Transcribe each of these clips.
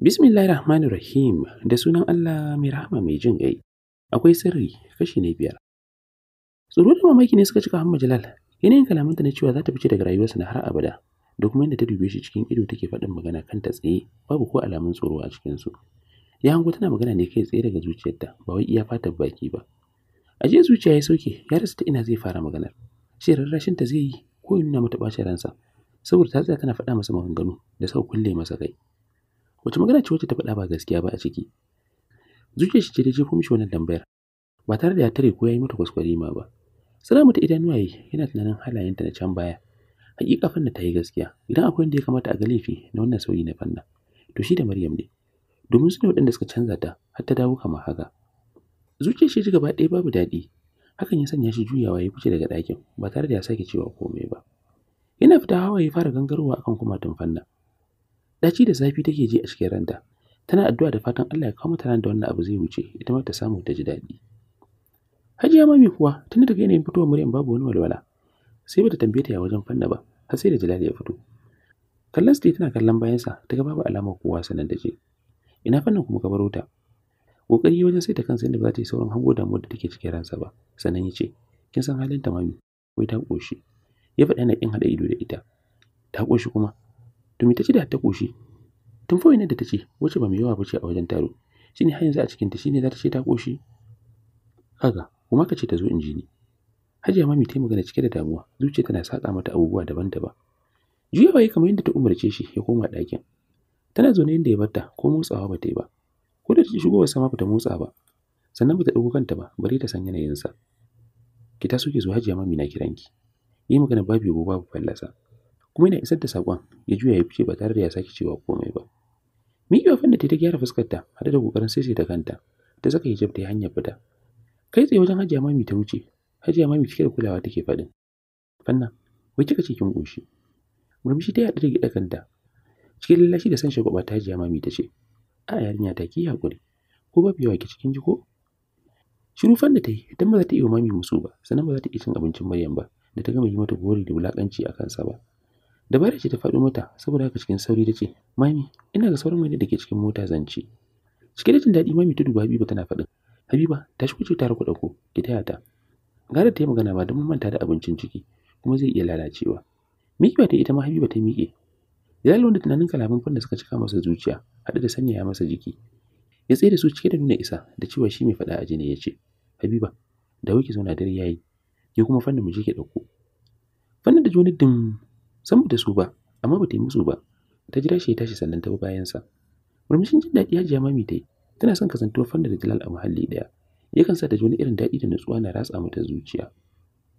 Bismillahir Rahmanir Rahim da sunan Allah mai rahama mai jin ƙai. Akwai sirri kashi ne biyar. Tsoro da mamaki ne suka cika Hamma Jalal. Yanayin kalamanta na cewa za ta fice daga rayuwarsa na har abada. Da kuma yadda ta dube shi cikin ido take faɗin magana kanta tsaye babu ko alamun tsoro a cikin su Ya hango tana magana ne kai tsaye daga zuciyarta ba wai iya fata baki ba. A zuciya ya soke ya rasa ta ina zai fara maganar. shi rarrashin ta zai yi ko ya nuna mata bace ransa saboda ta tsaya tana faɗa masa maganganu da sau kulle masa kai wace magana ce wacce ta faɗa ba gaskiya ba a ciki zuciyar shi ce ta jefo mishi wannan tambayar ba tare da ya tare ko ya yi mata ma ba sara mata idanuwa yi yana tunanin halayenta na can baya hakika fanna ta yi gaskiya idan akwai wanda ya kamata a ga laifi na wannan sauyi na fanna to shi da maryam ne domin su ne waɗanda suka canza ta har ta dawo kamar haka zuciyar shi gaba ɗaya babu daɗi hakan ya sanya shi juyawa ya fice daga ɗakin ba tare da ya sake cewa komai ba Ina fita hawa ya fara gangarowa akan tun fanna daci da zafi take ji a cikin ranta tana addu'a da fatan Allah ya kawo mata da wannan abu zai wuce ita ma ta samu ta ji daɗi hajiya mami kuwa tun daga yanayin fitowar muryan babu wani walwala sai bata tambaye ta ya wajen fanna ba har sai da jalali ya fito kallon su tana kallon bayansa ta babu alamar kowa sanan da je ina fannin kuma ka baro ta kokari wajen saita kansa inda ba za ta yi sauran hango damuwar da take cikin ransa ba sannan ya ce kin san halin ta mami wai ta koshi ya faɗa yana kin haɗa ido da ita ta koshi kuma to me ta ce da ta koshi tun fa da ta ce wace ba mu yawa ba ce a wajen taro shine har yanzu a cikin ta shine za ta ce ta koshi kaga kuma ka ce ta zo in ji ni hajiya mami ta yi magana cike da damuwa zuciya tana saka mata abubuwa daban-daban juyawa ya kamar yadda ta umarce shi ya koma ɗakin tana zaune inda ya barta ko motsawa ba ta yi ba ko da ta shigowar sama ba ta motsa ba sannan ba ta dauko kanta ba bare ta san sa ki ta soke zuwa hajiya mami na kiranki yi magana babu yabo babu fallasa kuma ina isar da sakon ya juya ya fice ba tare da ya sake cewa komai ba wafin da ta gyara fuskarta hada da ƙoƙarin da kanta ta saka hijab ta hanyar fita kai tsaye wajen hajiya mami ta wuce hajiya mami cike da kulawa take faɗin fanna wai kika ce kin ƙoshi murmushi ta yaɗu da gida kanta cikin lallashi da san shagwaba ta hajiya mami ta ce a yarinya ta ki hakuri ko ba yawa ki cikin jiko shiru fan da ta yi idan ba za ta iya mami musu ba sannan ba za ta iya cin abincin Maryam ba da ta gama yi mata gori da wulakanci a kansa ba dabara ce ta faɗo mata saboda haka cikin sauri ta ce mami ina ga sauran wani da ke cikin mota zance cike da jin daɗi mami ta duba Habiba tana faɗin Habiba ta shi kuce tare ku ɗauko ki taya ta gara ta yi magana ba don mun manta da abincin ciki kuma zai iya lalacewa ba ta ita ma Habiba ta miƙe Jalal wanda tunanin kalaman fanda suka cika masa zuciya haɗu da sanya ya masa jiki ya tsaye da su cike da nuna isa da cewa shi mai faɗa a jini ya ce habiba da wuki zauna dare yayi ke kuma fannin mu je ki ɗauko fannin da juna din san da su ba amma ba ta yi musu ba ta jira shi ya tashi sannan ta bi sa murmushin jin daɗi ya mami ta yi tana son kasantuwa fannin da jalal a muhalli ɗaya yakan sa da joni irin daɗi da nutsuwa na ratsa mata zuciya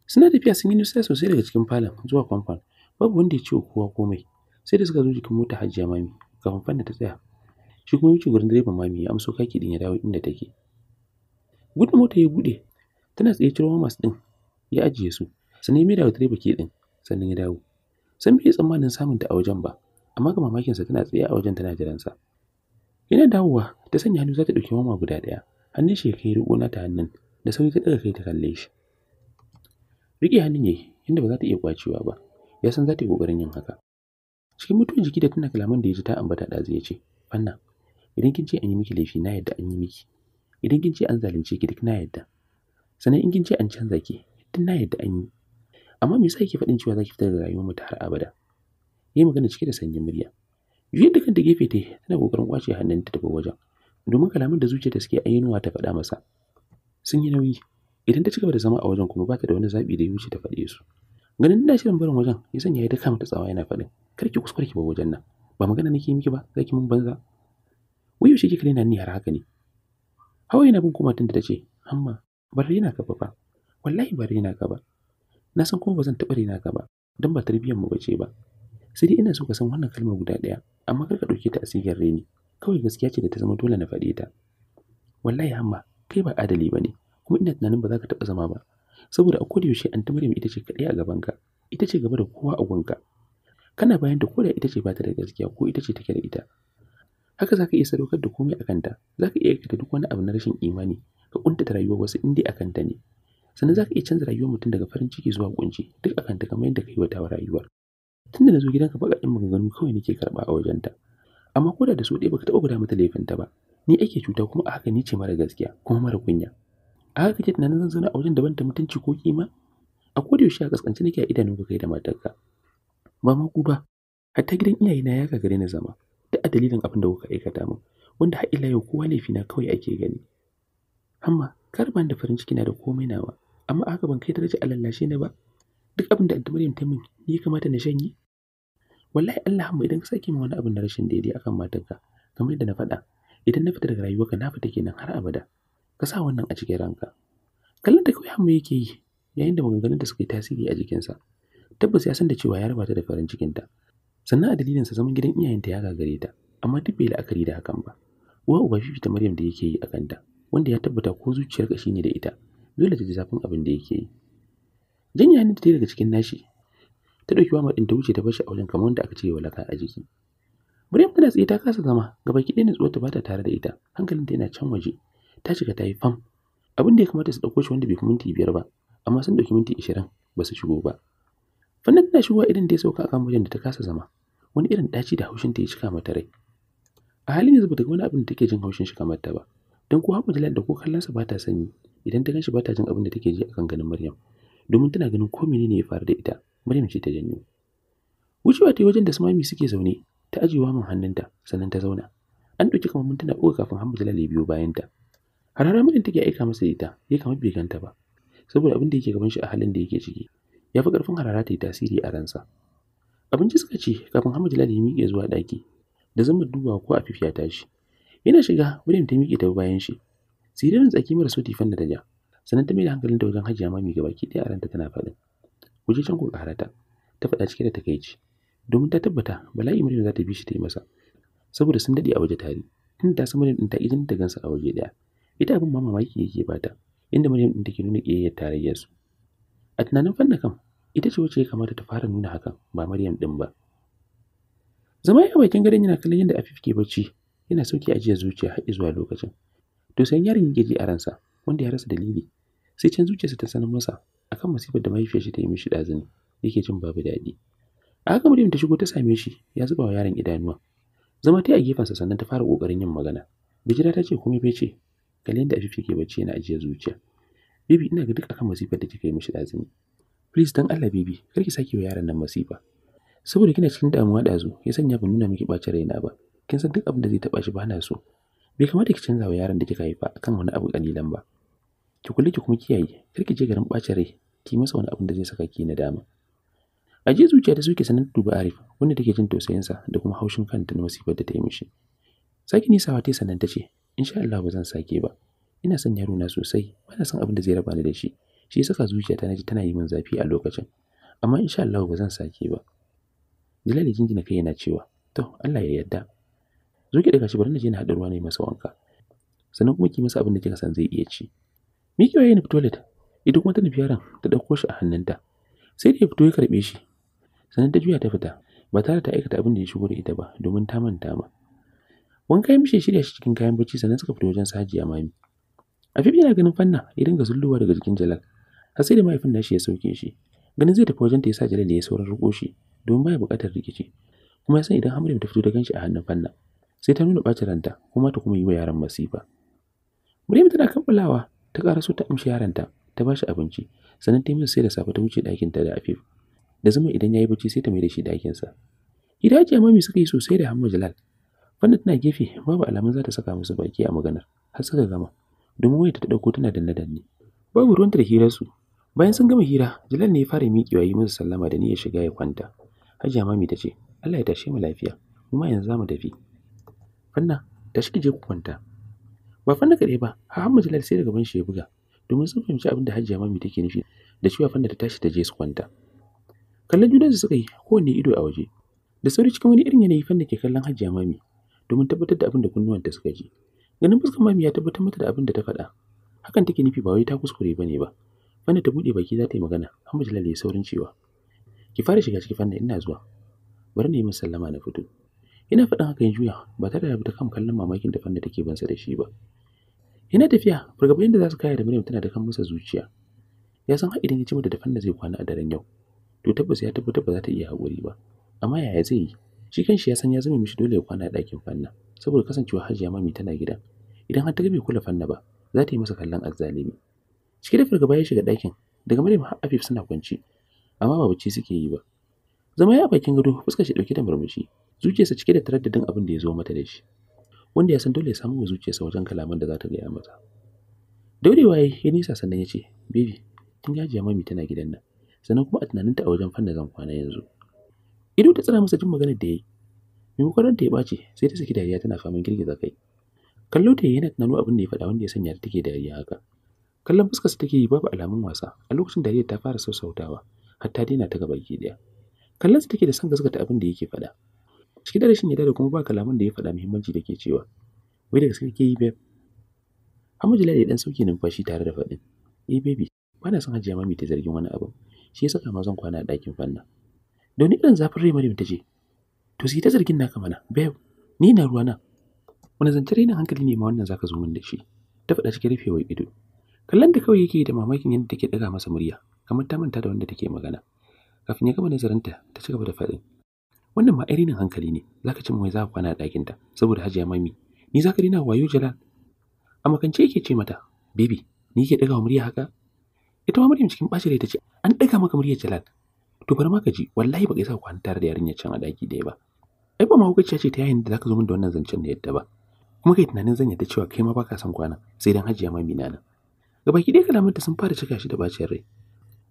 suna tafiya sun yi nusa sosai daga cikin falon zuwa kwamfan babu wanda ya ce kowa komai sai da suka zo jikin mota hajiya mami kafin fannin ta tsaya shi kuma wuce gurin direban mami ya amso kaki din ya dawo inda take gudun mota ya bude tana tsaye ciro mamas din ya ajiye su sannan ya maida wa direba ke din sannan ya dawo san bai tsammanin samun ta a wajen ba amma ga mamakinsa tana tsaye a wajen tana jiran sa yana dawowa ta sanya hannu za ta ɗauki mama guda ɗaya hannun shi ya kai riƙo na ta hannun da sauri ta daga kai ta kalle shi riƙe hannun yayi inda ba za ta iya kwacewa ba ya san za ta yi ƙoƙarin yin haka cikin mutuwar jiki da tana kalaman da ya ji ta ambata da ya ce fanna idan kin ce an yi miki laifi na yadda an yi miki idan kin ce an zalunce ki duk na yadda sannan in kin ce an canza ki duk na yadda an yi amma me yasa kike faɗin cewa zaki fitar da rayuwar mu ta har abada Yi magana cike da sanyin murya juyar da kanta gefe ta tana kokarin kwace hannunta daga wajen domin kalaman da zuciyarta suke ayyunuwa ta faɗa masa sun yi nauyi idan ta cigaba da zama a wajen kuma ba ta da wani zaɓi da ya ta faɗe su ganin ina shirin barin wajen ya sanya ya daka mata tsawa yana faɗin kar ki kuskure ki bar wajen nan ba magana nake miki ba zaki mun banza wai yaushe kika daina ni har haka ne hawa yana bin kuma tun da ta ce amma bar rena ka fa wallahi bar rena ka ba na san kuma ba zan taɓa rena ka ba don ba tarbiyyar mu bace ba sai dai ina so ka san wannan kalmar guda ɗaya amma kar ka ɗauke ta a sigar reni kawai gaskiya ce da ta zama dole na faɗe ta wallahi hamma kai ba adali ba ne kuma ina tunanin ba za ka taɓa zama ba saboda a koda yaushe anti maryam ita ce kaɗai a ka. ita ce gaba da kowa a gunka kana bayan da koda ita ce ba ta da gaskiya ko ita ce take da ita haka za ka iya sadaukar da komai a kanta za ka iya aikata duk wani abu na rashin imani ka kuntata rayuwar wasu inda a kanta ne sannan za ka iya canza rayuwar mutum daga farin ciki zuwa kunci duk a kanta kamar yadda ka yi wata rayuwar da na zo gidanka ɗin maganganu kawai nake karɓa a wajenta amma ko da da su ɗaya baka taɓa guda mata laifinta ba ni ake cuta kuma a haka ni ce mara gaskiya kuma mara kunya a haka ke tunanin zan zauna a wajen daban da mutunci ko kima a ko da yaushe a kaskanci nake a idanunka kai da matarka ba ma ku ba hatta gidan iyayena ya gagare na zama a dalilin abin da kuka aikata min wanda har ila yau kowa na kawai ake gani amma kar ban da farin ciki na da komai nawa amma haka ban kai daraja a lallashe ne ba duk abin da Maryam ta min ni kamata na shanye wallahi Allah mai idan ka sake min wani abin da rashin daidai akan matarka kamar da na faɗa idan na fita daga rayuwarka na fita kenan har abada ka sa wannan a cikin ranka kallon da kawai hamma yake yi yayin da maganganun da suka tasiri a jikinsa tabbas ya san da cewa ya raba ta da farin cikinta sannan a dalilinsa zaman gidan iyayenta ya gagare ta amma duk bai la'akari da hakan ba uwa uba ta maryam da yake yi a kanta wanda ya tabbata ko zuciyar ka shine da ita dole ta ji zafin abin da yake yi janya da ta daga cikin nashi ta ɗauki wa ɗin ta wuce ta bashi a kamar wanda aka cire walaka a jiki maryam tana tsaye ta kasa zama gaba ki ɗaya nutsuwar ta bata tare da ita hankalinta yana can waje ta shiga ta yi fam abin da ya kamata su ɗauko shi wanda bai fi minti biyar ba amma sun ɗauki minti ashirin ba su shigo ba Fannin tana shigowa idan ta sauka a kan wajen da ta kasa zama wani irin ɗaci da haushin ta ya cika mata rai a halin yanzu bata ga wani abin da take jin haushin shi kamar ta ba don ko haɓa jalal da ko kallonsa ba ta sanyi idan ta ganshi ba ta jin abin da take ji a kan ganin maryam domin tana ganin ko menene ya faru da ita maryam ce ta janyo wucewa ta wajen da sumami suke zaune ta wa min hannunta sannan ta zauna an ɗauki kamar mintuna uku kafin hamdu jalal ya biyo bayanta har mijin take aika masa ita ya kamar bai ganta ba saboda abin da yake gaban shi a halin da yake ciki ya fi ƙarfin harara ta yi tasiri a ransa abinci suka ce kafin hamad ladi ya miƙe zuwa ɗaki da zama duba ko a fifiya tashi yana shiga Maryam ta miƙe ta bayan shi siririn tsaki mara so tifan da daja sannan ta mai da hankalin ta wajen hajiya mami gaba ki ɗaya a ranta tana faɗin je can ku ƙara ta ta faɗa cike da takaici domin ta tabbata bala'i Maryam za ta bi shi ta yi masa saboda sun daɗe a waje tare tun ta san Maryam ɗin ta idan ta gansa a waje ɗaya ita abin ma mamaki yake bata inda Maryam ɗin take nuna ƙiyayyar su a tunanin fanna ita ce wacce ya kamata ta fara nuna hakan ba Maryam din ba zama ya bakin gadon yana kallon yadda Afif ke bacci yana sauki ajiyar zuciya har zuwa lokacin to sai yarin ji a ransa wanda ya rasa dalili sai can zuciyarsa ta sanar masa akan masifar da mahaifiyarsa ta yi mishi dazini yake jin babu daɗi a haka Maryam ta shigo ta same shi ya zuba wa yaron idanuwa zama ta a gefensa sannan ta fara kokarin yin magana bijira ta ce kuma bai ce kallon yadda Afif ke bacci yana ajiye zuciya bibi ina ga duk akan masifar da kika yi mishi dazini please dan Allah bibi kar ki sake wa yaran nan masifa saboda kina cikin damuwa dazu ya sanya ban nuna miki bacin raina ba kin san duk abin da zai taba shi ba na so bai kamata ki canza wa yaran da kika haifa akan wani abu kalilan ba ki kula ki kuma kiyaye kar ki je garin bacin rai ki masa wani abin da zai saka ki na dama. a je zuciya ta suke sanin duba Arif wanda take jin tausayinsa da kuma haushin kanta na masifar da ta yi mishi saki nisawa ta sanan ta ce insha Allah ba zan sake ba ina son yaro na sosai ba na son abin da zai raba ni da shi shi saka zuciyata naji tana yi min zafi a lokacin amma insha Allah ba zan sake ba Jalal jinjina kai yana cewa to Allah ya yarda zo ki daga shi bari na je na haɗa ruwa ne masa wanka sannan kuma ki masa abin da kika san zai iya ci ya waye ni toilet idan kuma ta nufi yaron ta dauko shi a hannunta sai da ya fito ya karɓe shi sannan ta juya ta fita ba tare ta aikata abin da ya shigo da ita ba domin ta manta ma wanka ya mishi shirya shi cikin kayan bacci sannan suka fito wajen sajiya mami Afif yana ganin fanna ya dinga zulluwa daga jikin Jalal har sai da mahaifin nashi ya sauke shi ganin zai tafi wajen ta sa Jalal ya sauran riko shi ba baya buƙatar rikici kuma ya san idan Hamrim ta fito da ganshi a hannun Fanna sai ta nuna ɓacin ranta kuma ta kuma yi wa yaran masifa muryar tana kammalawa ta ƙara so ta amshi yaranta ta ba shi abinci sannan ta yi masa sai da safe ta wuce ɗakin ta da Afif da zuma idan ya yi bacci sai ta mai da shi ɗakinsa Hidajiya mami suka yi sosai da Hamma Jalal Fanna tana gefe babu alamun za ta saka musu baki a maganar har suka gama domin wayarta ta ɗauko tana danne-danne babu ruwanta da hirarsu Bayan sun gama hira, Jalal ne ya fara miƙewa yi musu sallama da niyyar shiga ya kwanta. Hajiya Mami ta ce, Allah ya tashe mu lafiya, mu ma yanzu za mu tafi. Fanna, tashi shi je ku kwanta. Ba fanna kaɗai ba, har Hamma Jalal sai daga ban shi ya buga, domin sun fahimci abin da Hajiya Mami take nufi da cewa fanna ta tashi ta je su kwanta. Kallon su suka yi kowanne ido a waje. Da sauri cikin wani irin yanayi fanna ke kallon Hajiya Mami domin tabbatar da abin da kunnuwanta suka ji. Ganin fuskar Mami ya tabbatar mata da abin da ta faɗa. Hakan take nufi ba wai ta kuskure ba ne ba, Fanna ta buɗe baki za ta yi magana, amma Jalal ya saurin cewa, Ki fara shiga ciki Fanna ina zuwa. Bari na yi min sallama na fito. Ina faɗin haka ya juya ba tare da ta kan kallon mamakin da Fanna take bansa da shi ba. Ina tafiya, fargabayin da za su kaya da Maryam tana da kan masa zuciya. Ya san idan ya ci mata da Fanna zai kwana a daren yau. To tabbas ya tabbatar ba za ta iya haƙuri ba. Amma yaya zai yi? Shi kanshi ya san ya zama mishi dole ya kwana a ɗakin Fanna saboda kasancewa Hajiya Mami tana gida. Idan har ta gabe kula Fanna ba, za ta yi masa kallon azzalimi. cike da fargaba ya shiga ɗakin daga maryam har afif suna kwance amma ba bacci suke yi ba zama ya bakin gado fuska shi ɗauke da murmushi zuciyarsa cike da taraddadin abin da ya zo mata da shi wanda ya san dole ya samu zuciyarsa wajen kalaman da za ta gaya mata daure ya ya nisa sannan ya ce baby kin gajiya mami tana gidan nan sannan kuma a tunaninta a wajen fanna zan kwana yanzu ido ta tsara masa jin maganar da ya yi maimakon ta ya ɓace sai ta saki dariya tana faman girgiza kai kallo ta yana tunanin abin da ya faɗa wanda ya sanya ta take dariya haka kallon fuskarsa take yi babu alamun wasa a lokacin da ta fara sausautawa har ta daina ta gaba daya kallon sa take da son gaskata abin da yake faɗa ciki da rashin yarda da kuma ba kalaman da ya faɗa muhimmanci da ke cewa wai da gaske ke yi babe Hamadu Ladi dan sauke numfashi tare da faɗin eh baby ba na son hajiya mami ta zargin wani abu shi ya saka ma zan kwana a ɗakin fanna don ni irin zafin rai Maryam ta ce to sai ta zargin naka mana babe ni na ruwa na? wani zancen rainin hankali ne ma wannan zaka zo min da shi ta faɗa cikin rufewar ido kallon da kawai yake da mamakin yadda take ɗaga masa murya kamar ta manta da wanda take magana kafin ya gama nazarinta ta ci gaba da faɗin wannan ma irinin hankali ne zaka ci mai za ka kwana a ɗakinta saboda hajiya mami ni zaka rina wayo jalal a makance yake ce mata "Bibi, ni ke ɗaga murya haka ita ma muryar cikin bashi ta ce an ɗaga maka murya, jalal to bar ma ka ji wallahi baka isa kwana tare da yarinyar can a ɗaki ɗaya ba ai ba mahaukaciya ce ta yayin da zaka zo min da wannan zancen da yadda ba kuma kai tunanin zan yadda cewa kai ma baka son kwana sai dan hajiya mami na nan Gabaki dai kalamanta sun fara cika shi da bacin rai.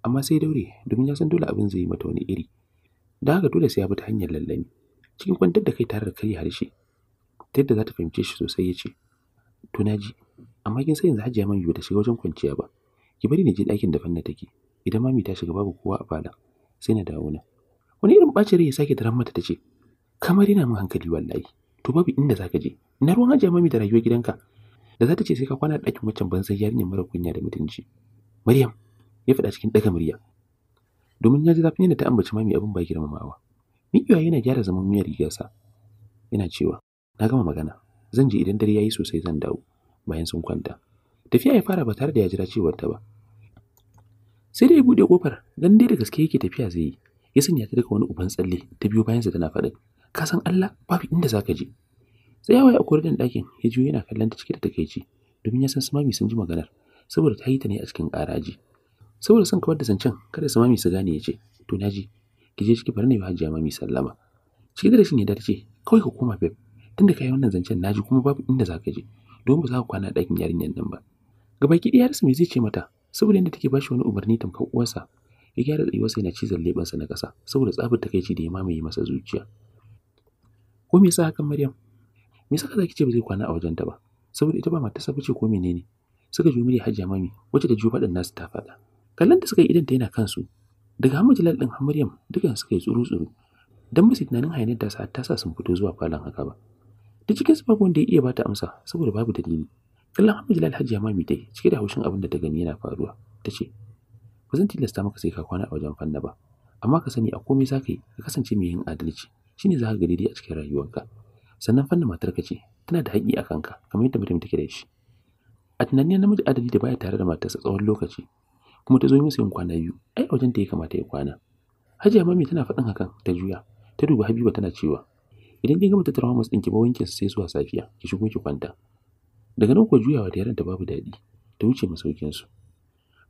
Amma sai daure domin ya san dole abin zai yi mata wani iri. Da haka dole sai ya bi ta hanyar lallami. Cikin kwantar da kai tare da karya harshe. Ta yadda za ta fahimce shi sosai ya ce, To na ji, amma kin san yanzu hajiya mami bata shiga wajen kwanciya ba. Ki bari na je ɗakin da fanna take. Idan mami ta shiga babu kowa a fada, sai na dawo na. Wani irin bacin rai ya sake daren mata ta ce, Kamar yana min hankali wallahi. To babu inda za ka je. Ina ruwan hajiya mami da rayuwar gidanka. da za ta ce sai ka kwana ɗakin waccan banzai yarinyar mara kunya da mutunci maryam ya faɗa cikin ɗaga murya domin ya ji zafin yadda ta ambaci mami abin ba girmamawa mikiwa yana gyara zaman miyar rigarsa yana cewa na gama magana zan je idan dare ya yi sosai zan dawo bayan sun kwanta tafiya ya fara ba tare da ya jira cewar ta ba sai da ya buɗe kofar dan dai da gaske yake tafiya zai yi ya sanya ta daga wani uban tsalle ta biyo bayansa tana faɗin ka san Allah babu inda za ka je tsayawa ya a ɗin ɗakin ya juyo yana kallon ta cike da takaici domin ya san su sun ji maganar saboda ta yi ta ne a cikin ƙaraji saboda son kawar da zancen kada sumami su gane ya ce to na ji ki je ciki bari ne ba hajiya mami sallama Ciki da rashin yadda ce kawai ka koma beb tunda ka yi wannan zancen na ji kuma babu inda za ka je don ba za ka kwana a ɗakin yarinyar nan ba Gaba ki ɗaya rasa me zai ce mata saboda yadda take bashi wani umarni tamkar uwarsa ya gyara tsayuwarsa yana cizon leɓensa na ƙasa saboda tsabar takaici da ya mamaye masa zuciya ko me yasa hakan maryam me yasa kaza ce ba zai kwana a wajenta ba saboda ita ba sabu ce ko menene suka ji murya Hajiya Mami wacce da jufa din nasu ta fada kallon da suka yi idan ta yana kansu daga hamu Jalal din Maryam dukan suka yi tsuru tsuru dan musu tunanin hayanin ta sa ta sa sun fito zuwa falon haka ba duk cikin su babu wanda ya iya bata amsa saboda babu dalili kallon hamu Jalal Hajiya Mami dai cike da haushin abin da ta gani yana faruwa ta ce ba zan tilasta maka sai ka kwana a wajen fanna ba amma ka sani a komai za ka yi ka kasance mai yin adalci shine za ka ga dai a cikin rayuwarka sannan fannin matarka ce tana da haƙƙi a kanka kamar yadda mutum take da shi a tunanin namiji adali da baya tare da matarsa tsawon lokaci kuma ta zo masa yin kwana biyu ai a wajen da ya kamata ya kwana hajiya mami tana faɗin hakan ta juya ta duba habiba tana cewa idan kin gama tattara mamas ɗinki ba wankin sai zuwa safiya ki shigo ki kwanta daga nan kuwa juyawa da yaran ta babu daɗi ta wuce masaukinsu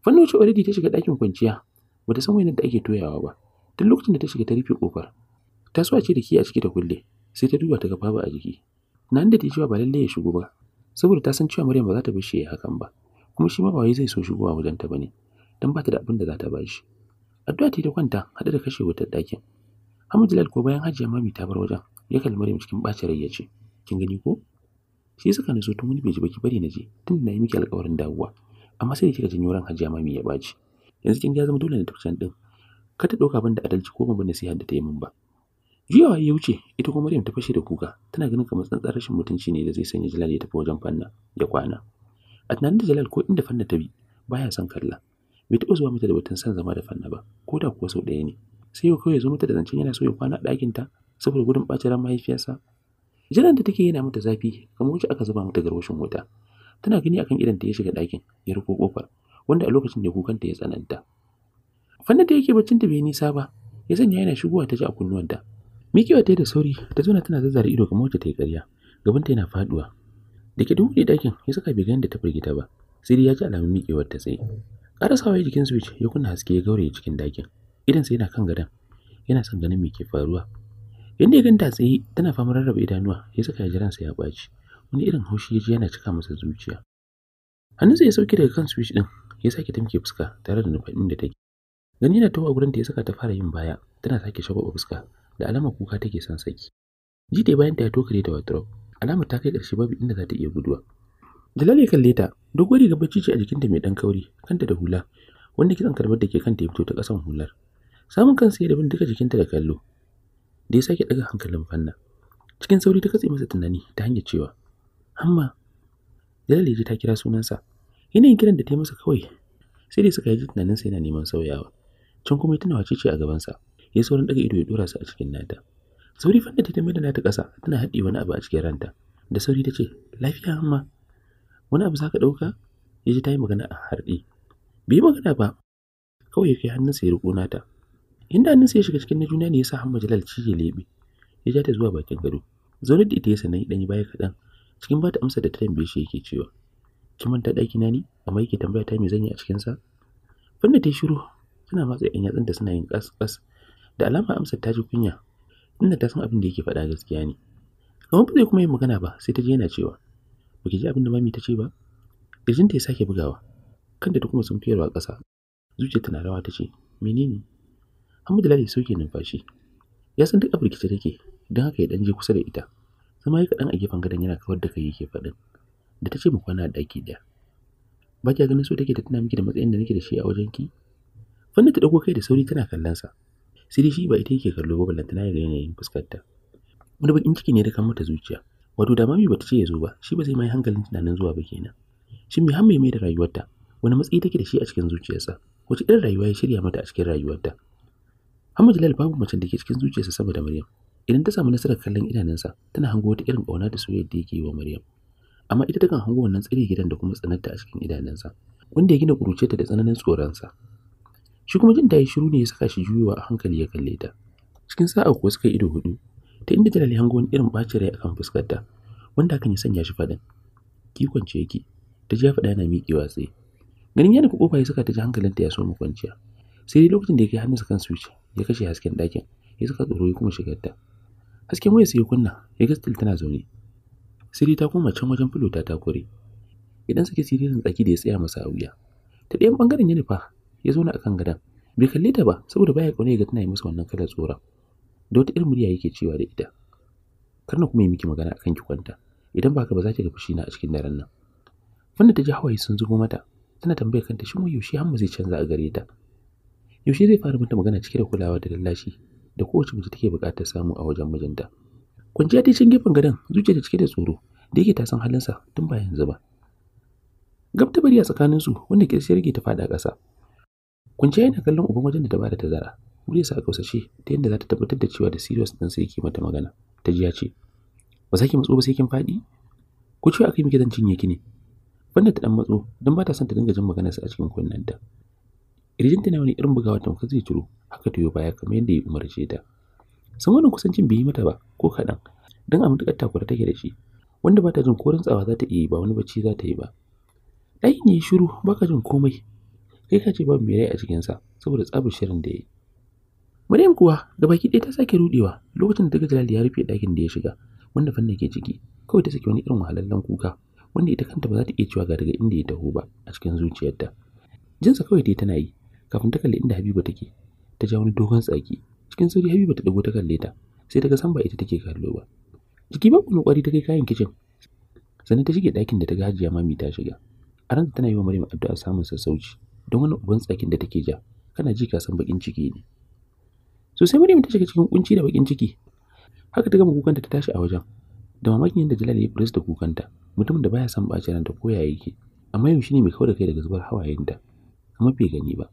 fannin wuce already ta shiga ɗakin kwanciya bata san wani da ake toyawa ba tun lokacin da ta shiga ta rufe kofar ta so ce da ki a ciki ta kulle sai ta duba ta ga babu a jiki nan da ta cewa ba lallai ya shigo ba saboda ta san cewa Maryam ba za ta bar shi ya hakan ba kuma shi ma ba wai zai so shigowa wajen ta bane dan ba ta da abin da za ta ba shi addu'a ta kwanta hada da kashe wutar ɗakin Ahmad Jalal ko bayan Hajiya Mami ta bar wajen ya kalli Maryam cikin bacin rai ya ce kin gani ko shi suka nazo tun wani bai ji baki bari na je tun na yi miki alƙawarin dawowa amma sai da kika janyo ran Hajiya Mami ya baci yanzu kin ga zama dole ne ta can din ka ta ɗauka adalci ko ban nasiha da ta yi min ba Juyawa ya wuce ita kuma Maryam ta fashe da kuka tana ganin kamar tsantsar rashin mutunci ne da zai sanya Jalal ya tafi wajen Fanna ya kwana. A tunanin da Jalal ko inda Fanna ta bi baya son kalla. Bai taɓa zuwa mata da batun son zama da Fanna ba ko da kuwa sau ɗaya ne. Sai yau kawai ya zo mata da zancen yana so ya kwana a ɗakinta saboda gudun ɓacin ran mahaifiyarsa. Jalal da take yana mata zafi kamar wuce aka zuba mata garwashin wuta. Tana gani akan idan ta ya shiga ɗakin ya rufo ƙofar wanda a lokacin da kukanta ya tsananta. Fanna da yake baccin ta bai nisa ba ya sanya yana shigowa ta ji a kunnuwanta Miƙewa ta da sauri ta zauna tana zazzara ido kamar wacce ta yi ƙarya. Gabanta yana faduwa. Da ke duhu ɗakin ya saka bai da ta firgita ba. Sai dai ya ji alamun miƙewar ta tsaye. Ƙarasawa ya jikin switch ya kunna haske ya gauraye cikin ɗakin. Idansa yana kan gadon. Yana son ganin me ke faruwa. Yanda ya ganta tsaye tana fama rarraba idanuwa ya saka ya jiransa ya ɓaci. Wani irin haushi ya ji yana cika masa zuciya. Hannunsa ya sauke daga kan switch ɗin ya sake tamke fuska tare da nufaɗin da take. Gani yana a gurin da ya saka ta fara yin baya tana sake shagwaba fuska da alama kuka take son saki ji dai bayan ta ya tokare da wardrobe Alamar ta kai ƙarshe babu inda za ta iya guduwa Jalal ya kalle ta doguwar ga bacci ce a jikinta mai ɗan kauri kanta da hula wanda kitsan karbar da ke kanta ya fito ta ƙasan hular samun kansa ya dabin duka jikinta da kallo da ya sake ɗaga hankalin fanna cikin sauri ta katse masa tunani ta hanyar cewa hamma Jalal ya ji ta kira sunansa yanayin kiran da ta yi masa kawai sai dai suka yi tunaninsa yana neman sauyawa can kuma ya tuna wace ce a gabansa ya saurin daga ido ya dora su a cikin nata sauri fanda ta mai da nata kasa tana haɗe wani abu a cikin ranta da sauri ta ce lafiya amma wani abu za ka ɗauka ya ji ta yi magana a harɗe bai magana ba kawai ya kai hannunsa ya riƙo nata inda hannunsa ya shiga cikin na juna ne ya sa hamma jalal ci ya leɓe ya ja ta zuwa bakin gado zaunar da ita ya dan ya baya kaɗan cikin bata amsa da ta tambaye shi yake cewa ki manta ɗaki na ni amma yake tambaya ta me zan yi a cikinsa fanda ta yi shiru tana matsa 'yan da suna yin ƙas da alama amsar ta ji kunya inda ta san abin da yake faɗa gaskiya ne kamar ba zai kuma yi magana ba sai ta ji yana cewa ba ji abin da mami ta ce ba kirjinta ya sake bugawa kanta ta kuma sun fiyarwa ƙasa zuciyarta tana rawa ta ce menene hamdu lalai sauke numfashi ya san duk a rikice take don haka ya dan je kusa da ita zama ya kaɗan a gefen gadon yana kawar da kai yake faɗin da ta ce mu kwana a ɗaki ɗaya ba kya ganin so take ta tuna miki da matsayin da nake da shi a wajen ki Fannin ta ɗago kai da sauri tana kallon sa sai dai shi ba ita yake kallo ba ballantana ya ga yanayin fuskarta wani bakin ciki ne da kan mata zuciya wato da mami bata ce ya zo ba shi ba zai mai hankalin tunanin zuwa ba kenan shin me har mai da rayuwarta wani matsayi take da shi a cikin zuciyarsa wace irin rayuwa ya shirya mata a cikin rayuwarta Hamad Jalal babu macen da ke cikin zuciyarsa saboda Maryam idan ta samu nasarar kallon idanunsa tana hango wata irin ƙauna da soyayya da yake yi wa Maryam amma ita takan hango wannan tsire gidan da kuma tsananta a cikin idanunsa wanda ya gina ta da tsananin tsoronsa shi kuma jin ta yi shiru ne ya saka shi juyuwa a hankali ya kalle ta cikin sa'a kuwa suka ido hudu ta inda jalal ya hango wani irin bacin rai akan fuskar ta wanda hakan ya sanya shi faɗin kikon ce yake ta ji ya yana miƙewa tsaye ganin ya nufi kofa ya saka ta ji hankalinta ya so mu kwanciya sai dai lokacin da ya kai hannunsa kan switch ya kashe hasken ɗakin ya saka tsoro ya kuma shigar ta hasken waya sai ya kunna ya ga tana zaune sai dai ta koma can wajen filo ta takure idan suke siririn tsaki da ya tsaya masa a wuya ta ɗayan bangaren ya nufa ya zauna a kan gadon bai kalle ta ba saboda baya kaune ga tana yi masa wannan kalar tsoron da wata irin murya yake cewa da ita kar na kuma yi miki magana akan ki kwanta idan ba ka ba za ki ga fushi na a cikin daren nan fanda ta ji hawaye sun zubo mata tana tambayar kanta shin yaushe Hamma zai canza a gare ta yaushe zai fara mata magana cike da kulawa da lallashi da kowace mace take buƙatar samu a wajen mijinta kwanciya ta cikin gefen gadon zuciya ta cike da tsoro da yake ta san halinsa tun ba yanzu ba gab ta bari a tsakaninsu wanda kirshi rage ta faɗa ƙasa Kun ce yana kallon uban wajen da ta bada tazara. sa a kausashe ta yadda za ta tabbatar da cewa da serious ɗin sai yake mata magana. Ta ji ya ce, Ba za ki matso ba sai kin fadi Ko ce akai miki dan cinye ki ne? Banda ta ɗan matso don ba ta son ta dinga jin sa a cikin kunnenta. Irjinta na wani irin bugawa tamkar zai ciro haka ta yi baya kamar yadda ya umarce ta. San wannan kusancin bai yi mata ba ko kaɗan dan a matuƙar takura take da shi wanda ba ta jin ko rantsawa za ta iya yi ba wani bacci za ta yi ba. Ɗakin ya yi shiru ba jin komai kai ka ce babu mai rai a cikinsa saboda tsabar shirin da ya yi Maryam kuwa baki ɗaya ta sake rudewa lokacin da ta ga Jalal ya rufe ɗakin da ya shiga wanda fanna ke ciki kawai ta saki wani irin wahalallen kuka wanda ita kanta ba za ta iya cewa ga daga inda ya taho ba a cikin zuciyarta jinsa kawai dai tana yi kafin ta kalli inda Habiba take ta ja wani dogon tsaki cikin sauri Habiba ta ɗago ta kalle ta sai ta ga san ba ita take kallo ba jiki ba kuma kwari ta kai kayan kicin sannan ta shige ɗakin da ta ga Hajiya Mami ta shiga a ranta tana yi wa Maryam addu'a samun sassauci don wani uban tsakin da take ja kana ji ka san bakin ciki ne so sai Maryam ta shiga cikin kunci da bakin ciki haka ta gama kukanta ta tashi a wajen da mamakin yadda Jalal ya fures da kukanta mutumin da baya son ɓaci ranta ko ya yake amma yau shine mai kawo da kai daga zubar hawayenta amma bai gani ba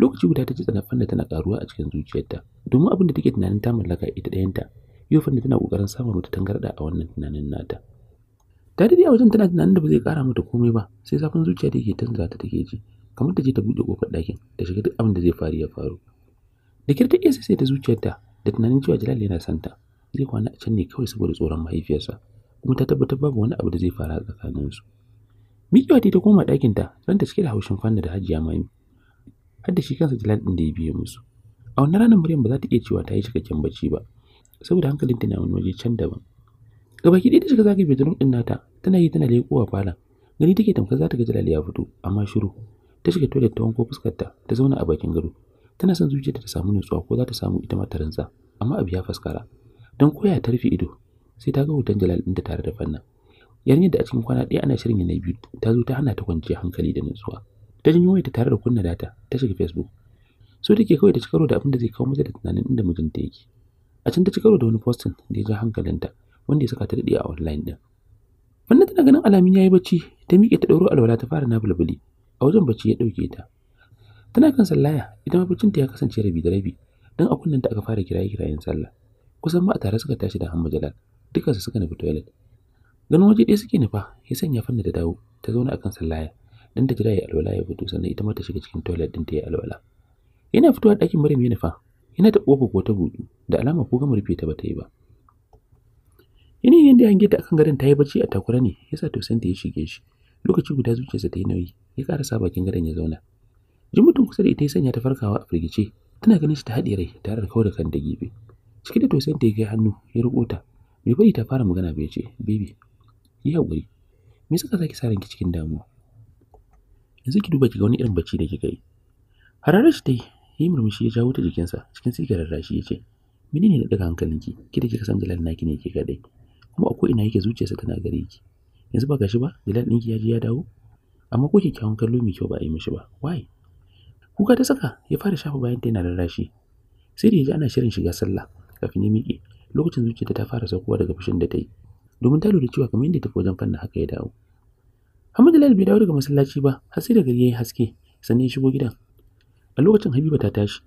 lokaci guda ta ji tsanafan da tana karuwa a cikin zuciyarta domin abin da take tunanin ta mallaka ita ɗayanta yau fanda tana kokarin samun mata tangarɗa a wannan tunanin nata ta dade a wajen tana tunanin da ba zai kara mata komai ba sai zafin zuciya da yake ta take ji kamar ta je ta buɗe ƙofar ɗakin ta shiga duk abin da zai faru ya faru da kirta iya sai ta zuciyarta da tunanin cewa jalal yana santa zai kwana a can ne kawai saboda tsoron mahaifiyarsa kuma ta tabbatar babu wani abu da zai faru a tsakaninsu miƙewa ta koma ta ran ta cike da haushin fanna da hajiya mami har da shi kansa jalal ɗin da ya biye musu a wannan ranar Maryam ba za ta iya cewa ta yi cikakken bacci ba saboda hankalinta na wani waje can daban gabaki ɗaya ta shiga zagaye bedroom ɗin nata tana yi tana leƙowa falon gani take tamkar za ta ga jalal ya fito amma shiru ta shiga toilet ta wanko fuskarta ta zauna a bakin gado tana son zuciyarta ta samu nutsuwa ko za ta samu ita ma ta rantsa amma abu ya faskara don koya ta rufe ido sai ta ga hoton jalal ɗinta tare da fanna yarinyar da a cikin kwana ɗaya ana shirin yanayi biyu ta zo ta hana ta kwanciya hankali da nutsuwa ta janyo ta tare da kunna data ta shiga facebook so take kawai ta ci karo da abin da zai kawo mata da tunanin inda mijinta yake a can ta ci karo da wani postin da ya ja hankalinta wanda ya saka ta daɗe a online ɗin wannan tana ganin alamin yayi bacci ta miƙe ta ɗauro alwala ta fara na a wajen bacci ya ɗauke ta tana kan sallaya ita ta ya kasance rabi da rabi don a ta aka fara kiraye kirayen sallah kusan ma a tare suka tashi da hamma jalal su suka nufi toilet ganin waje ɗaya suke nufa ya sanya fanna da dawo ta zauna akan sallaya dan ta jira ya alwala ya fito sannan ita ma ta shiga cikin toilet ɗin ta ya alwala yana fitowa ɗakin maryam ya nufa yana ta ƙofa ko ta buɗu da alama ko gama rufe ta ba ta yi ba yanayin yadda hange ta akan gadon ta yi bacci a takura ne yasa tausan ta ya shige shi lokaci guda zuciyarsa ta yi nauyi ya sa bakin gadon ya zauna jin mutum kusa da ita ya sanya ta farkawa a firgice tana ganin shi ta haɗe rai tare da kawai da kan da gefe cike da tausayin ta ya kai hannu ya riƙo ta bai bari ta fara magana bai ce baby yi haƙuri me saka zaki sa ranki cikin damuwa yanzu ki duba ki ga wani irin bacci da kika yi hararar shi ta yi yi murmushi ya jawo ta jikinsa cikin sigarar rashi ya ce Mene ne na ɗaga hankalinki ki da kika san jalal naki ne ke kaɗai? kuma a koina ina yake zuciyarsa tana gare ki yanzu ba gashi ba jalal ɗinki ya je ya dawo amma ko kyakkyawan kallo mai kyau ba a yi mishi ba why kuka ta saka ya fara shafa bayan ta yana rarrashi sai da ya ji ana shirin shiga sallah kafin ya miƙe lokacin zuciyarta ta fara saukowa daga fushin da ta yi domin ta lura cewa kamar yadda tafi wajen fannin haka ya dawo Hamdulillah bai dawo daga masallaci ba har sai da gari yayi haske sannan ya shigo gidan a lokacin Habiba ta tashi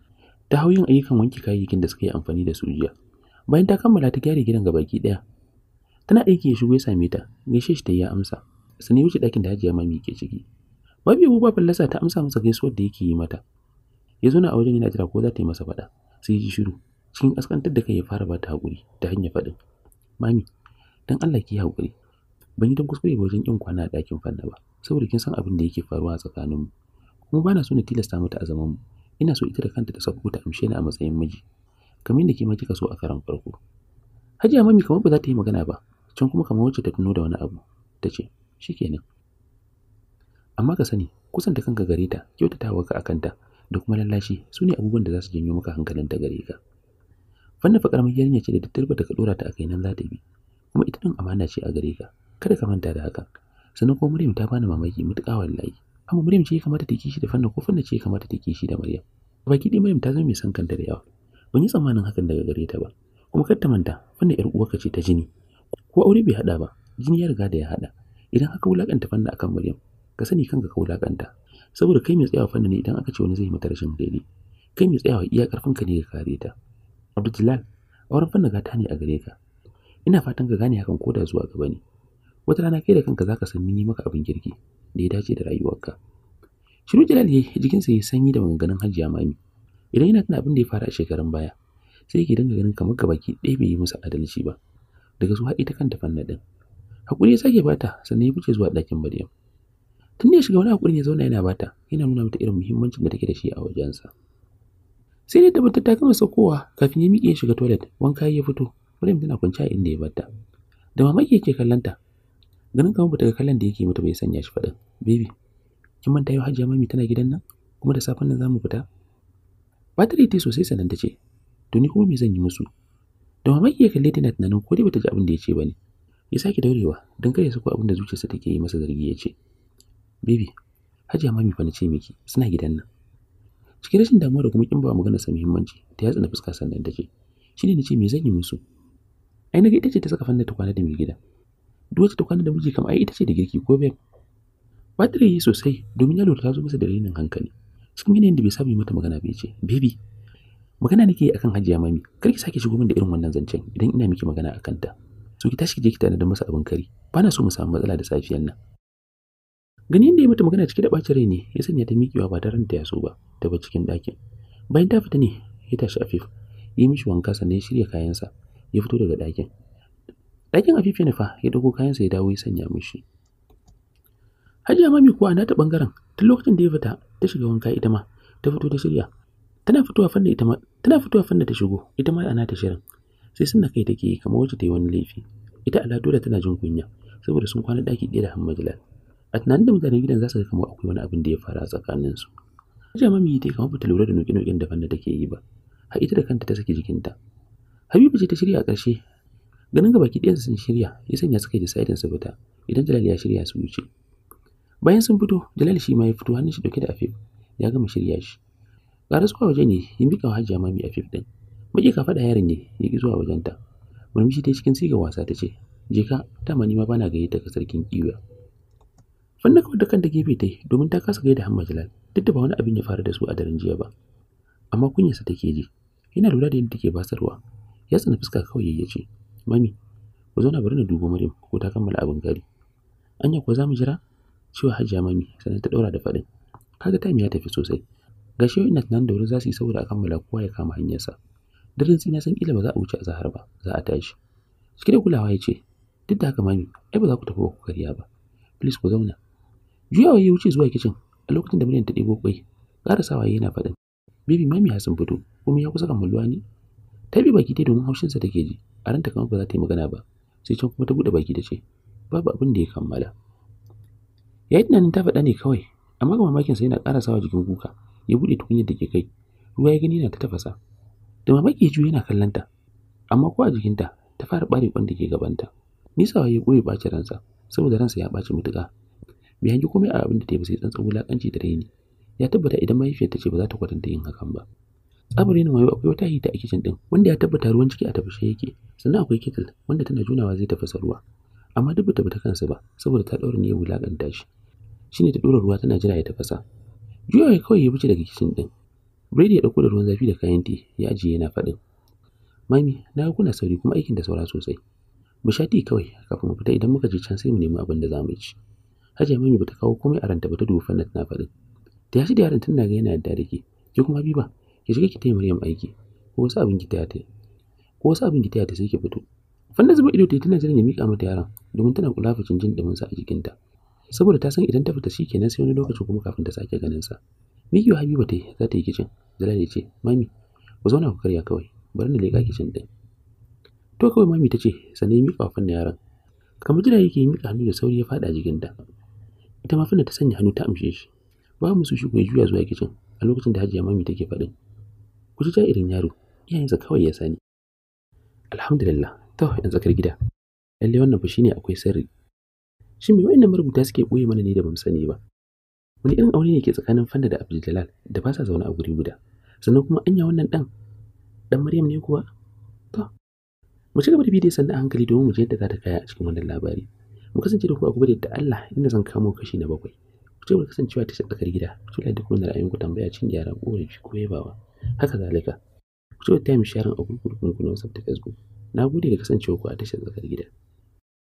ta hau yin ayyukan wanke kayayyakin da suka yi amfani da su jiya bayan ta kammala ta gyara gidan gabaki ɗaya. tana aiki ya shigo ya same ta gaishe shi ta ya amsa sani wuce ɗakin da hajiya mami ke ciki babu yabo ba fallasa ta amsa masa gaisuwar da yake yi mata ya zo na a wajen yana jira ko za ta yi masa faɗa sai ji shiru cikin askantar da kai ya fara bata ta haƙuri ta hanyar faɗin mami dan Allah ki haƙuri ban yi don kuskure ba wajen yin kwana a ɗakin fanna ba saboda kin san abin da yake faruwa a tsakaninmu kuma ba na so na tilasta mata a zaman mu ina so ita da kanta ta sauko ta amshe ni a matsayin miji kamar yadda ke ma kika so a karan farko hajiya mami kamar ba za ta yi magana ba can kuma kamar wacce ta tuno da wani abu ta Shi nan. amma ka sani kusanta kanka gare ta kyautatawa ka kanta, da kuma lallashi su ne abubuwan da za su janyo maka hankalin ta gare ka fanna fa karamar yarinya ce da tattalba da ka dora ta a kai nan za ta bi kuma ita nan amana ce a gare ka kada ka manta da hakan sannan kuma Maryam ta bani mamaki mutuƙa wallahi amma Maryam ce ya kamata ta kishi da fanna ko fanna ce ya kamata ta kishi da Maryam baki dai Maryam ta zama mai san kanta da yawa ban yi tsammanin hakan daga gare ta ba kuma kar ta manta fanna yar ka ce ta jini ko aure bai hada ba jini ya riga da ya hada idan haka wulakanta fanna akan Maryam ka sani kanka ka wulakanta saboda kai mai tsayawa fanna ne idan aka ce wani zai mata rashin daidai kai mai tsayawa iya karfin ka ne ka kare ta Abdullahi auren fanna gata ne a gare ka ina fatan ka gane hakan ko da zuwa gaba ne wata rana kai da kanka zaka san mun yi maka abin kirki da ya dace da rayuwarka shiru jalal ya jikinsa ya sanyi da maganganun hajiya mami idan yana tana abin da ya fara a shekarun baya sai yake dinga ganin kamar gabaki ɗaya bai yi musu adalci ba daga su har ta kanta fanna ɗin hakuri ya sake bata sannan ya fice zuwa ɗakin Maryam tun da ya shiga wani hakuri ya zauna yana bata yana nuna mata irin muhimmancin da take da shi a wajensa sai dai tabbatar ta gama saukowa kafin ya miƙe ya shiga toilet wanka ya fito Maryam tana kwance a inda ya bata da mamaki yake kallanta ganin kamar bata ga kallon da yake mata bai sanya shi faɗin baby kin manta yau hajiya mami tana gidan nan kuma da safen nan zamu fita Bata ta sosai sanan ta ce to ni kuma me zan yi musu da mamaki ya kalle tana tunanin ko dai bata ji abin da ya ce ne ya sake daurewa don kai ya sako abin da zuciyarsa take yi masa zargi ya ce Bibi, hajiya mami fa na ce miki suna gidan nan cikin rashin damuwa da kuma kin ba magana sa muhimmanci ta yatsa na fuska sannan ta ce shine na ce me zan yi musu ai naga ita ce ta saka fannin ta kwana da mai gida duk wata ta kwana da miji kam ai ita ce da girki ko ba ta yi sosai domin ya lura ta zo masa da rainin hankali cikin yanayin da bai saba mata magana bai ce Bibi, magana nake akan hajiya mami kar ki sake shigo min da irin wannan zancen idan ina miki magana akan ta su ki tashi ki je ki masa abin kari ba na so mu samu matsala da safiyan nan gani yadda ya mata magana cike da bacin rai ne ya sanya ta miƙewa ba ranta ya so ba ta bar cikin ɗakin bayan ta fita ne ya tashi afif ya mishi wanka sannan ya shirya kayansa ya fito daga ɗakin ɗakin afif ya nufa ya ɗauko kayansa ya dawo ya sanya mishi hajiya mami kuwa na ta ɓangaren tun lokacin da ya fita ta shiga wanka ita ma ta fito ta shirya tana fitowa fanda ita ma tana fitowa fanda ta shigo ita ma ana ta shirin sai sun kai take yi kamar wacce ta yi wani laifi ita ala dole tana jin kunya saboda sun kwana daki ɗaya da hamma jalal a tunanin da mutanen gidan za su ga kamar akwai wani abin da ya faru a tsakaninsu hajiya mami ta yi kamar bata lura da nuke noƙen da fanna take yi ba har ita da kanta ta saki jikinta habibu ce ta shirya a ƙarshe ganin gabaki ɗayansu sun shirya ya sanya suka yi da su fita idan jalal ya shirya su wuce bayan sun fito jalal shi ma ya fito hannun shi dauke da afif ya gama shirya shi ƙarar suka wajen ne ya bikin wa hajiya mami afif ɗin baki ka faɗa ne ya ki zuwa wajenta murmushi ta cikin sigar wasa ta ce je ka ta mani ma bana gayyata ka sarkin iwa fanna kawai da kanta gefe ta yi domin ta kasa gaida hamma jalal duk da ba wani abin ya faru da su a daren jiya ba amma kunyarsa take ji yana lura da yadda take basarwa ya tsana fuska kawai ya ce mami ku zauna bari na dubo maryam ko ta kammala abin gari anya kuwa za mu jira cewa hajiya mami sannan ta daura da faɗin kaga time ya tafi sosai gashi yau ina tunanin da wuri za su yi saboda a kammala kowa ya kama hanyarsa Daren sai na san kila ba za a wuce a zahar ba, za a tashi. Cike da kulawa ya ce, duk da haka mami, ai ba za ku tafi ba ku karya ba. Please ku zauna. Juyawa ya wuce zuwa kicin a lokacin da miliyan ta ɗebo kwai. Ƙarasawa yana faɗin. bibi mami ya sun fito, kuma ya kusa kammaluwa ne. Ta bi baki ta domin haushinsa take ji, a ranta kamar ba za ta yi magana ba. Sai can kuma ta buɗe baki ta ce, babu abin da ya kammala. Ya yi tunanin ta faɗa ne kawai, amma ga mamakinsa yana ƙarasawa jikin kuka, ya buɗe tukunyar da ke kai, ruwa ya gani yana ta tafasa, da mamaki ya yana kallon ta amma ko a jikinta ta fara ɓare wanda da ke gabanta waye ya ɓoye ɓaci ransa saboda ransa ya ɓaci mutuƙa bai hangi komai a abin da ta yi ba sai tsantsan wulaƙanci da raini ya tabbata idan mahaifiyar ta ce ba za ta kwatanta yin hakan ba tsabarin wayo akwai wata hita a kicin din wanda ya tabbata ruwan ciki a tafashe yake sannan akwai kitil wanda tana junawa zai tafasa ruwa amma duk bata bata kansa ba saboda ta ɗaura ya wulaƙanta shi shine ta ɗora ruwa tana jira ya tafasa juyawa kawai ya wuce daga kicin din Brady ya ɗauko da ruwan zafi da kayan ti ya ajiye yana faɗin. Mami, na ga kuna sauri kuma aikin da saura sosai. Mu sha tea kawai kafin mu fita idan muka je can sai mu nemi abin da za mu ci. Hajiya Mami bata kawo komai a ranta ba ta dubi Fannat na faɗin. Da ya da yaron tun daga yana da ke. Ki kuma Habiba, ki shiga ki taya Maryam aiki. Ko wasu abin ki taya ta. Ko wasu abin ki taya ta sai ki fito. Fannat zuba ido ta tana jiran ya mika mata yaron domin tana kula jin jinjin sa a jikinta. Saboda ta san idan ta fita shi kenan sai wani lokaci kuma kafin ta sake ganin sa. Mikiyo Habiba ta yi za ta yi kicin Jalal ya ce, Mami, ku zauna ku karya kawai, bari na leƙa kicin ɗin. To kawai mami ta ce, sannan ya miƙa yaron. Kamar jira yake ya miƙa hannu da sauri ya faɗa jikinta. Ita ma fanna ta sanya hannu ta amshe shi. Ba su shi ku juya zuwa kicin a lokacin da hajiya mami take faɗin. Ku ji irin yaro, iyayensa kawai ya sani. Alhamdulillah, ta yanzu kar gida. Lalle wannan fa shine akwai sirri. Shin me wa'annan marubuta suke ɓoye mana ne da bamu sani ba? Wani irin aure ne ke tsakanin Fanda da Abdul da ba sa zaune a guri guda? sannan kuma anya wannan ɗan ɗan maryam ne kuwa to mu ci gaba da bidiyon sannan hankali domin mu je yadda za ta kaya a cikin wannan labari mu kasance da ku a gobe da Allah inda zan kamo kashi na bakwai ku ce mu kasancewa ta tsakar gida ku ce da kuma ra'ayin ra'ayinku tambaya cin gyara korafi ko yabawa haka zalika ku ce ta mi sharing a gurgurkun ku na WhatsApp Facebook na gode da kasancewa ku a tashar tsakar gida